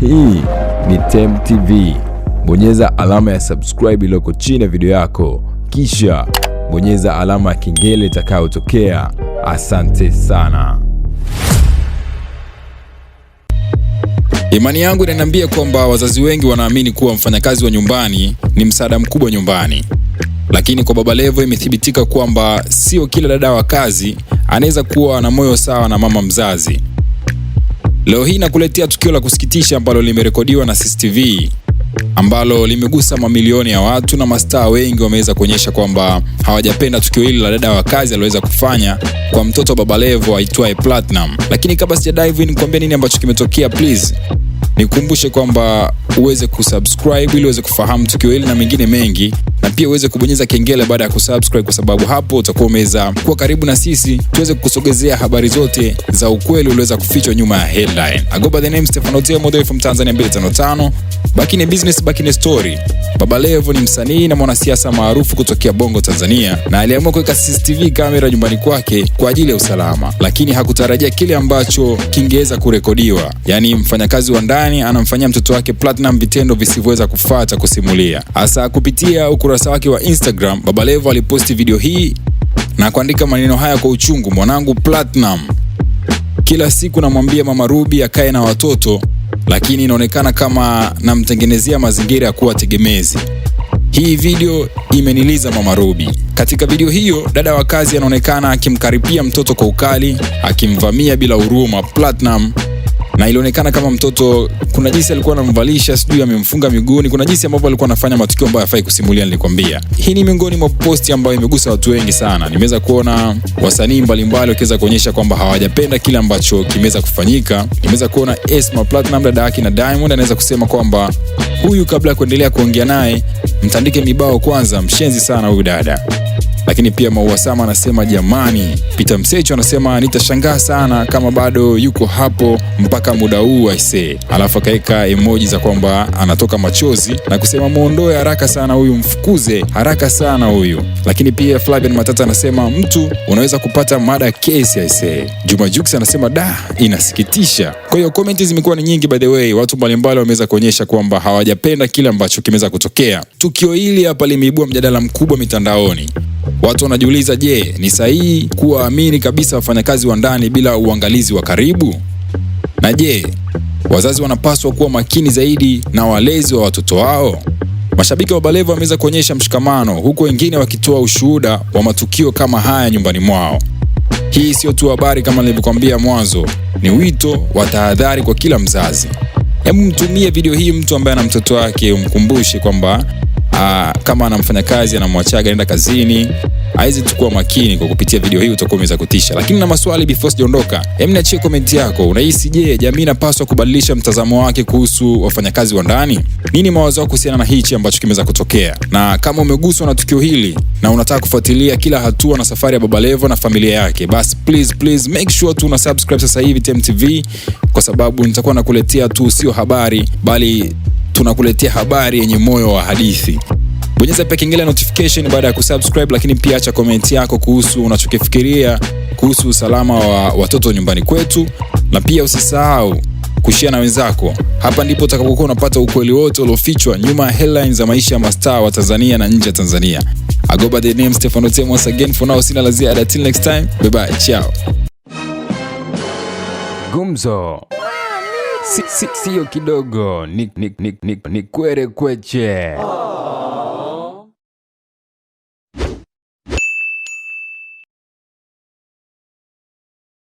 Hii ni Tem TV. Bonyeza alama ya subscribe iliyoko chini ya video yako, kisha bonyeza alama ya kengele itakayotokea. Asante sana. Imani yangu inaniambia kwamba wazazi wengi wanaamini kuwa mfanyakazi wa nyumbani ni msaada mkubwa nyumbani, lakini kwa Baba Levo imethibitika kwamba sio kila dada wa kazi anaweza kuwa na moyo sawa na mama mzazi. Leo hii nakuletea tukio la kusikitisha ambalo limerekodiwa na CCTV ambalo limegusa mamilioni ya watu na mastaa wengi wameweza kuonyesha kwamba hawajapenda tukio hili la dada wa kazi aliweza kufanya kwa mtoto wa Baba Levo aitwaye Platinum. Lakini kabla sija dive in kuambia nini ambacho kimetokea, please nikukumbushe kwamba uweze kusubscribe ili uweze kufahamu tukio hili na mengine mengi, na pia uweze kubonyeza kengele baada ya kusubscribe, kwa sababu hapo utakuwa umeweza kuwa karibu na sisi tuweze kukusogezea habari zote za ukweli ulioweza kufichwa nyuma ya headline. Agoba the name Stefano Tio Model from Tanzania 255. Bakine business, bakine story. Baba Levo ni msanii na mwanasiasa maarufu kutokea Bongo Tanzania, na aliamua kuweka CCTV kamera nyumbani kwake kwa ajili ya usalama, lakini hakutarajia kile ambacho kingeweza kurekodiwa, yaani mfanyakazi wa ndani anamfanyia mtoto wake Platinum na vitendo visivyoweza kufaa cha kusimulia. Hasa kupitia ukurasa wake wa Instagram, Levo aliposti video hii na kuandika maneno haya kwa uchungu: mwanangu Platinum, kila siku namwambia mama Ruby akae na watoto, lakini inaonekana kama namtengenezea mazingira ya kuwa tegemezi. Hii video imeniliza mama Ruby. Katika video hiyo, dada wa kazi anaonekana akimkaripia mtoto kwa ukali, akimvamia bila huruma Platinum na ilionekana kama mtoto, kuna jinsi alikuwa anamvalisha, sijui amemfunga miguuni, kuna jinsi ambapo alikuwa anafanya matukio ambayo afai kusimulia. Nilikwambia hii ni miongoni mwa posti ambayo imegusa watu wengi sana. Nimeweza kuona wasanii mbalimbali wakiweza kuonyesha kwamba hawajapenda kile ambacho kimeweza kufanyika. Nimeweza kuona Esma Platinum, dada yake na Diamond, anaweza kusema kwamba huyu, kabla ya kuendelea kuongea naye, mtandike mibao kwanza, mshenzi sana huyu dada. Lakini pia Maua Sama anasema jamani. pita Msechu anasema nitashangaa sana kama bado yuko hapo mpaka muda huu aisee. Alafu akaweka emoji za kwamba anatoka machozi na kusema muondoe haraka sana huyu, mfukuze haraka sana huyu. Lakini pia Flavian Matata anasema mtu unaweza kupata mada kesi aisee. Juma Jux anasema da, inasikitisha. Kwa hiyo komenti zimekuwa ni nyingi, by the way, watu mbalimbali wameweza kuonyesha kwamba hawajapenda kile ambacho kimeweza kutokea. Tukio hili hapa limeibua mjadala mkubwa mitandaoni, Watu wanajiuliza, je, ni sahihi kuwaamini kabisa wafanyakazi wa ndani bila uangalizi wa karibu? Na je, wazazi wanapaswa kuwa makini zaidi na walezi wa watoto wao? Mashabiki wa Balevo wameweza kuonyesha mshikamano, huku wengine wakitoa ushuhuda wa matukio kama haya nyumbani mwao. Hii sio tu habari kama nilivyokuambia mwanzo, ni wito wa tahadhari kwa kila mzazi. Hebu mtumie video hii mtu ambaye ana mtoto wake, umkumbushe kwamba aa, ah, kama ana mfanyakazi anamwachaga anaenda kazini awezi tukua makini. Kwa kupitia video hii utakuwa umeweza kutisha, lakini na maswali before sijaondoka, hem, niachie komenti yako. Unahisi je, jamii inapaswa kubadilisha mtazamo wake kuhusu wafanyakazi wa ndani? Nini mawazo yako kuhusiana na hichi ambacho kimeweza kutokea? Na kama umeguswa na tukio hili na unataka kufuatilia kila hatua na safari ya Baba Levo na familia yake, basi please, please make sure tu una subscribe sasa hivi tmtv kwa sababu nitakuwa nakuletea tu sio habari bali tunakuletea habari yenye moyo wa hadithi. Bonyeza pia kengele ya notification baada ya kusubscribe, lakini pia acha komenti yako kuhusu unachokifikiria kuhusu usalama wa watoto nyumbani kwetu, na pia usisahau kushia na wenzako. Hapa ndipo utakapokuwa unapata ukweli wote uliofichwa nyuma ya headlines za maisha ya mastaa wa Tanzania na nje ya Tanzania. agoba the name Stefano Temu once again for now, sina la ziada. Till next time, bye bye, ciao. Gumzo. si, si, siyo kidogo ni, ni, ni, ni, ni kwere kweche oh.